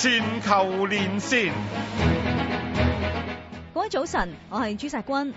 全球連線，各位早晨，我係朱錫君。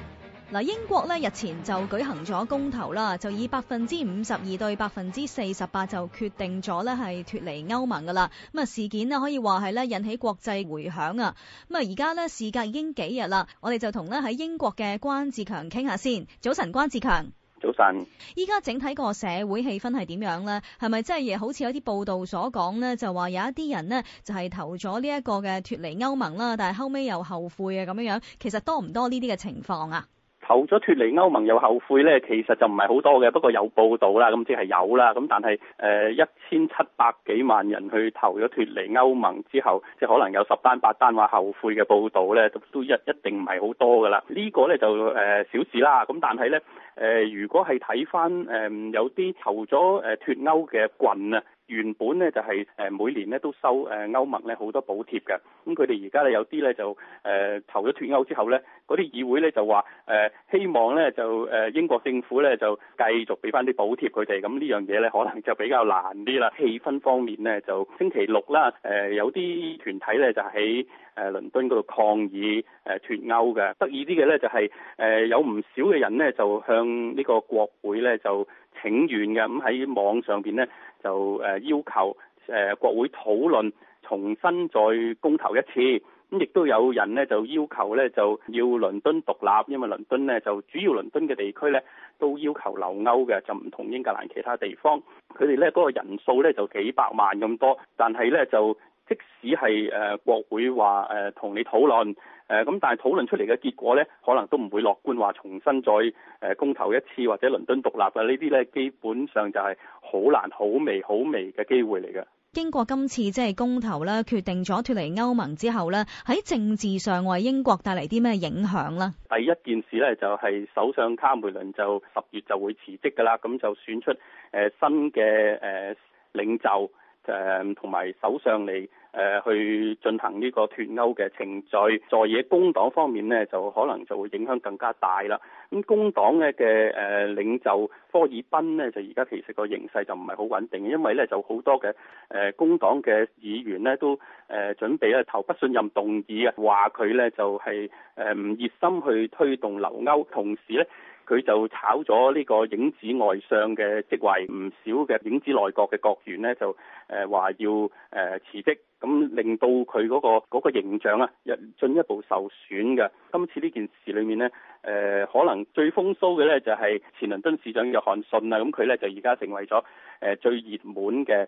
嗱，英國咧日前就舉行咗公投啦，就以百分之五十二對百分之四十八就決定咗咧係脱離歐盟噶啦。咁啊事件咧可以話係咧引起國際回響啊。咁啊而家咧事隔已經幾日啦，我哋就同咧喺英國嘅關志強傾下先。早晨，關志強。早晨，依家，整體個社會氣氛係點樣咧？係咪真係好似有啲報道所講咧，就話有一啲人咧就係投咗呢一個嘅脫離歐盟啦，但係後尾又後悔啊。咁樣樣其實多唔多呢啲嘅情況啊？投咗脫離歐盟又後悔呢，其實就唔係好多嘅，不過有報道啦，咁即係有啦。咁但係誒一千七百幾萬人去投咗脫離歐盟之後，即係可能有十單八單話後悔嘅報道呢，都，都一一定唔係好多噶啦。呢、這個呢就誒、呃、小事啦。咁但係呢，誒、呃，如果係睇翻誒有啲投咗誒脫歐嘅棍，啊，原本呢就係、是、誒每年呢都收誒歐、呃、盟呢好多補貼嘅，咁佢哋而家呢，有啲呢就誒、呃、投咗脫歐之後呢。嗰啲議會咧就話誒、呃、希望咧就誒、呃、英國政府咧就繼續俾翻啲補貼佢哋，咁呢樣嘢咧可能就比較難啲啦。氣氛方面咧就星期六啦，誒、呃、有啲團體咧就喺誒倫敦嗰度抗議誒脱歐嘅。得意啲嘅咧就係、是、誒、呃、有唔少嘅人呢，就向呢個國會咧就請願嘅，咁喺網上邊咧就誒要求誒國會討論重新再公投一次。咁亦都有人咧就要求咧就要倫敦獨立，因為倫敦咧就主要倫敦嘅地區咧都要求留歐嘅，就唔同英格蘭其他地方。佢哋咧嗰個人數咧就幾百萬咁多，但係咧就即使係誒國會話誒同你討論誒咁、呃，但係討論出嚟嘅結果咧可能都唔會樂觀，話重新再誒公投一次或者倫敦獨立嘅，呢啲咧基本上就係好難、好微、好微嘅機會嚟嘅。經過今次即係公投咧，決定咗脫離歐盟之後咧，喺政治上為英國帶嚟啲咩影響咧？第一件事咧就係首相卡梅倫就十月就會辭職噶啦，咁就選出誒新嘅誒領袖。誒同埋首相嚟誒去進行呢個脫歐嘅程序，在野工黨方面呢，就可能就會影響更加大啦。咁工黨嘅嘅誒領袖科爾賓呢，就而家其實個形勢就唔係好穩定，因為呢就好多嘅誒工黨嘅議員呢，都誒準備咧投不信任動議啊，話佢呢就係誒唔熱心去推動留歐，同時呢。佢就炒咗呢個影子外相嘅職位，唔少嘅影子內閣嘅閣員咧就誒話要誒辭職。咁令到佢嗰個嗰個形象啊，又進一步受損嘅。今次呢件事裏面呢，誒、呃、可能最風騷嘅咧就係前倫敦市長約翰遜啦。咁佢咧就而家成為咗誒最熱門嘅誒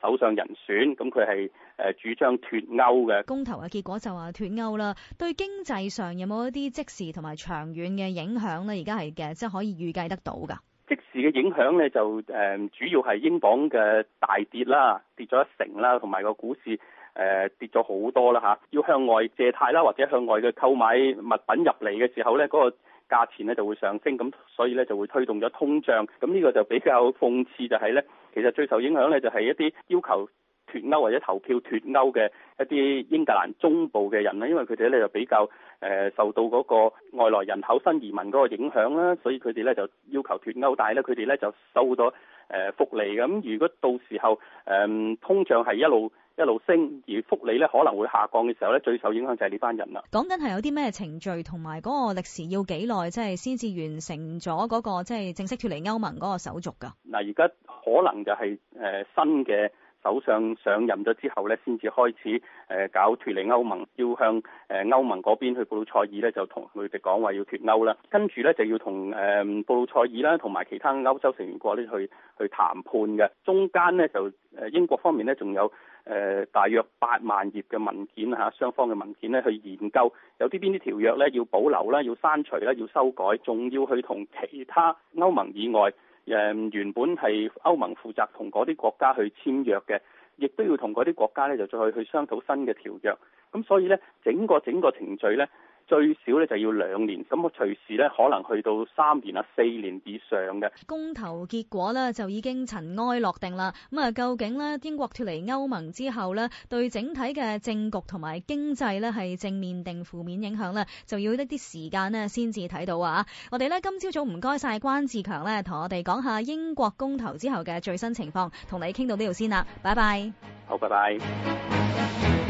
首相人選。咁佢係誒主張脱歐嘅。公投嘅結果就話脱歐啦。對經濟上有冇一啲即時同埋長遠嘅影響咧？而家係嘅，即係可以預計得到㗎。即時嘅影響咧就誒、呃、主要係英鎊嘅大跌啦，跌咗一成啦，同埋個股市誒、呃、跌咗好多啦吓、啊，要向外借貸啦，或者向外嘅購買物品入嚟嘅時候咧，嗰、那個價錢咧就會上升，咁所以咧就會推動咗通脹。咁呢個就比較諷刺就係咧，其實最受影響咧就係、是、一啲要求脫歐或者投票脫歐嘅一啲英格蘭中部嘅人咧，因為佢哋咧就比較誒受到嗰個外來人口新移民嗰個影響啦，所以佢哋咧就要求脫歐，但係咧佢哋咧就收到誒福利咁。如果到時候誒、嗯、通脹係一路一路升，而福利咧可能會下降嘅時候咧，最受影響就係呢班人啦。講緊係有啲咩程序同埋嗰個歷時要幾耐，即係先至完成咗嗰、嗰個即係、即係、正式脫離歐盟嗰個手續㗎？嗱，而家可能就係誒新嘅。首相上，上任咗之後呢先至開始誒搞脱離歐盟，要向誒歐盟嗰邊去布魯塞爾呢就同佢哋講話要脱歐啦。跟住呢，就要同誒布魯塞爾啦，同埋其他歐洲成員國呢去去談判嘅。中間呢，就誒英國方面呢，仲有誒大約八萬頁嘅文件嚇，雙方嘅文件呢，去研究，有啲邊啲條約呢要保留啦，要刪除啦，要修改，仲要去同其他歐盟以外，誒、嗯，原本係歐盟負責同嗰啲國家去簽約嘅，亦都要同嗰啲國家咧就再去商討新嘅條約。咁所以咧，整個整個程序咧，最少咧就要兩年，咁啊隨時咧可能去到三年啊四年以上嘅公投結果呢，就已經塵埃落定啦。咁、嗯、啊究竟咧英國脫離歐盟之後呢，對整體嘅政局同埋經濟呢，係正面定負面影響呢？就要一啲時間咧先至睇到啊！我哋呢，今朝早唔該晒關志強呢，同我哋講下英國公投之後嘅最新情況，同你傾到呢度先啦，拜拜。好，拜拜。